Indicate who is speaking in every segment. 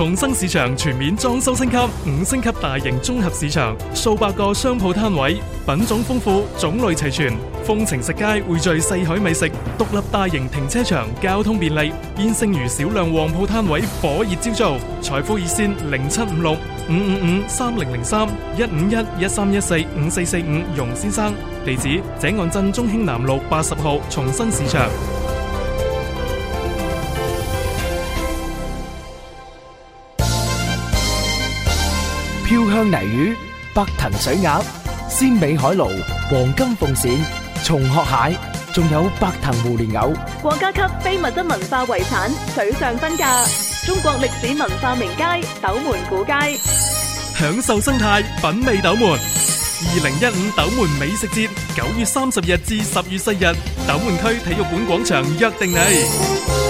Speaker 1: 重生市場全面裝修升級，五星級大型綜合市場，數百個商鋪攤位，品種豐富，種類齊全。風情食街匯聚四海美食，獨立大型停車場，交通便利。現剩餘少量旺鋪攤位，火熱招租。財富熱線零七五六五五五三零零三一五一一三一四五四四五，容先生。地址：井岸鎮中興南路八十號重生市場。
Speaker 2: 飄香泥魚、白藤水鴨、鮮美海鱸、黃金鳳鱔、鬆殼蟹，仲有白藤湖蓮藕。國家級非物質文化遺產水上婚嫁，中國歷史文化名街斗門古街，
Speaker 1: 享受生態，品味斗門。二零一五斗門美食節九月三十日至十月四日，斗門區體育館廣場約定你。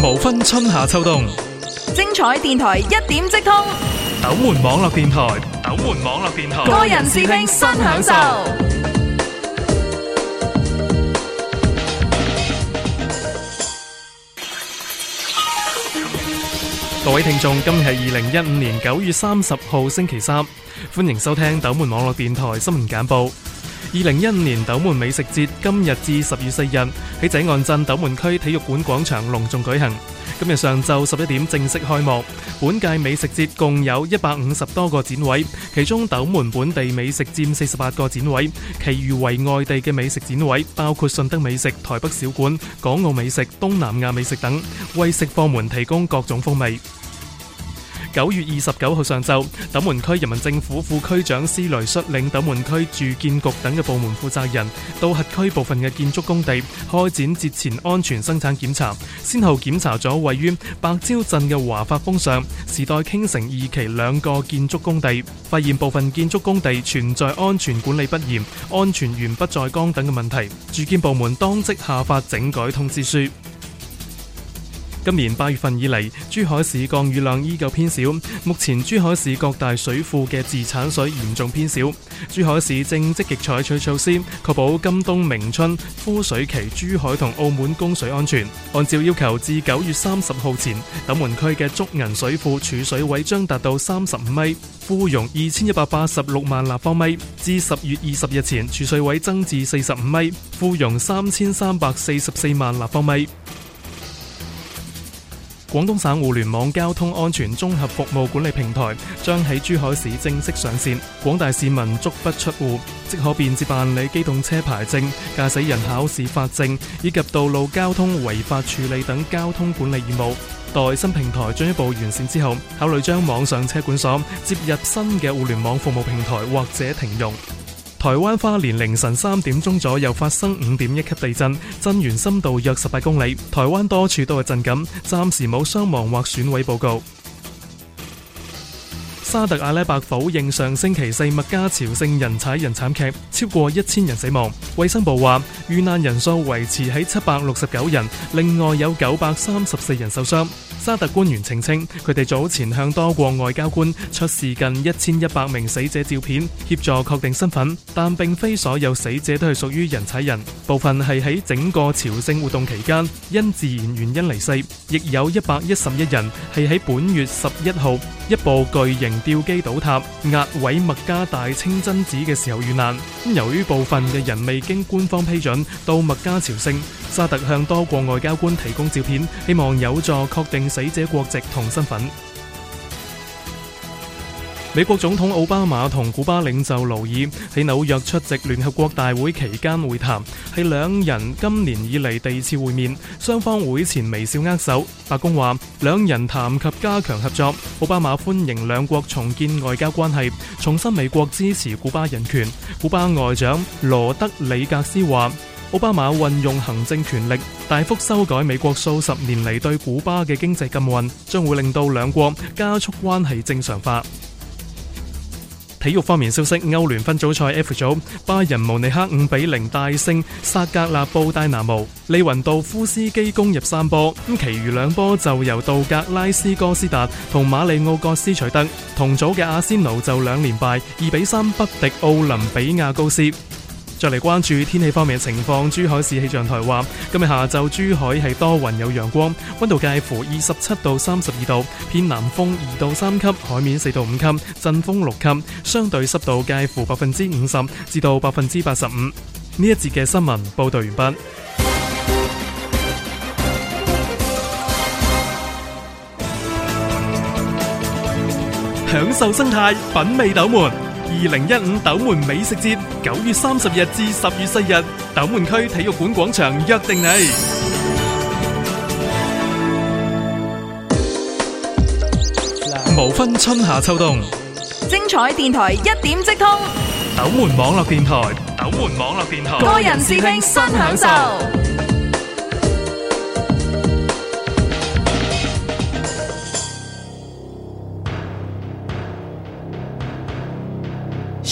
Speaker 1: 無分春夏秋冬，精彩電台一點即通。斗門網絡電台，斗門網絡電台，個人視聽新享受。各位聽眾，今日係二零一五年九月三十號星期三，歡迎收聽斗門網絡電台新聞簡報。二零一五年斗門美食節今日至十月四日喺井岸鎮斗門區體育館廣場隆重舉行。今日上晝十一點正式開幕。本屆美食節共有一百五十多個展位，其中斗門本地美食占四十八個展位，其餘為外地嘅美食展位，包括順德美食、台北小館、港澳美食、東南亞美食等，為食貨們提供各種風味。九月二十九號上晝，斗門區人民政府副區長施雷率領斗門區住建局等嘅部門負責人，到轄區部分嘅建築工地開展節前安全生產檢查，先後檢查咗位於白蕉鎮嘅華發峰上、時代傾城二期兩個建築工地，發現部分建築工地存在安全管理不嚴、安全員不在崗等嘅問題，住建部門當即下發整改通知書。今年八月份以嚟，珠海市降雨量依舊偏少，目前珠海市各大水庫嘅自產水嚴重偏少。珠海市正積極採取措施，確保今冬明春枯水期珠海同澳門供水安全。按照要求，至九月三十號前，斗門區嘅竹銀水庫儲水位將達到三十五米，庫容二千一百八十六萬立方米；至十月二十日前，儲水位增至四十五米，庫容三千三百四十四萬立方米。廣東省互聯網交通安全綜合服務管理平台將喺珠海市正式上線，廣大市民足不出戶即可便捷辦理機動車牌證、駕駛人考試發證以及道路交通違法處理等交通管理業務。待新平台進一步完善之後，考慮將網上車管所接入新嘅互聯網服務平台或者停用。台灣花蓮凌晨三點鐘左右發生五點一級地震，震源深度約十八公里，台灣多處都係震感，暫時冇傷亡或損毀報告。沙特阿拉伯否認上星期四麥加朝聖人踩人慘劇，超過一千人死亡。衛生部話遇難人數維持喺七百六十九人，另外有九百三十四人受傷。沙特官員澄清，佢哋早前向多國外交官出示近一千一百名死者照片，協助確定身份，但並非所有死者都係屬於人踩人，部分係喺整個朝聖活動期間因自然原因離世，亦有一百一十一人係喺本月十一號一部巨型吊機倒塌壓毀麥加大清真寺嘅時候遇難。由於部分嘅人未經官方批准到麥加朝聖，沙特向多國外交官提供照片，希望有助確定。死者國籍同身份。美國總統奧巴馬同古巴領袖勞爾喺紐約出席聯合國大會期間會談，係兩人今年以嚟第二次會面。雙方會前微笑握手。白宮話兩人談及加強合作，奧巴馬歡迎兩國重建外交關係，重申美國支持古巴人權。古巴外長羅德里格斯話。奧巴馬運用行政權力大幅修改美國數十年嚟對古巴嘅經濟禁運，將會令到兩國加速關係正常化。體育方面消息，歐聯分組賽 F 組，巴仁慕尼克五比零大勝薩格勒布戴拿姆，利雲道夫斯基攻入三波，咁其餘兩波就由道格拉斯哥斯達同馬里奧戈斯取得。同組嘅阿仙奴就兩連敗，二比三不敵奧林比亞高斯。再嚟關注天氣方面嘅情況，珠海市氣象台話今日下晝珠海係多雲有陽光，溫度介乎二十七到三十二度，偏南風二到三級，海面四到五級，陣風六級，相對濕度介乎百分之五十至到百分之八十五。呢一節嘅新聞報道完畢。享受生態，品味斗門。二零一五斗門美食節九月三十日至十月四日，斗門區體育館廣場約定你。無分春夏秋冬，精彩電台一點即通。斗門網絡電台，斗門網絡電台，個人視聽新享受。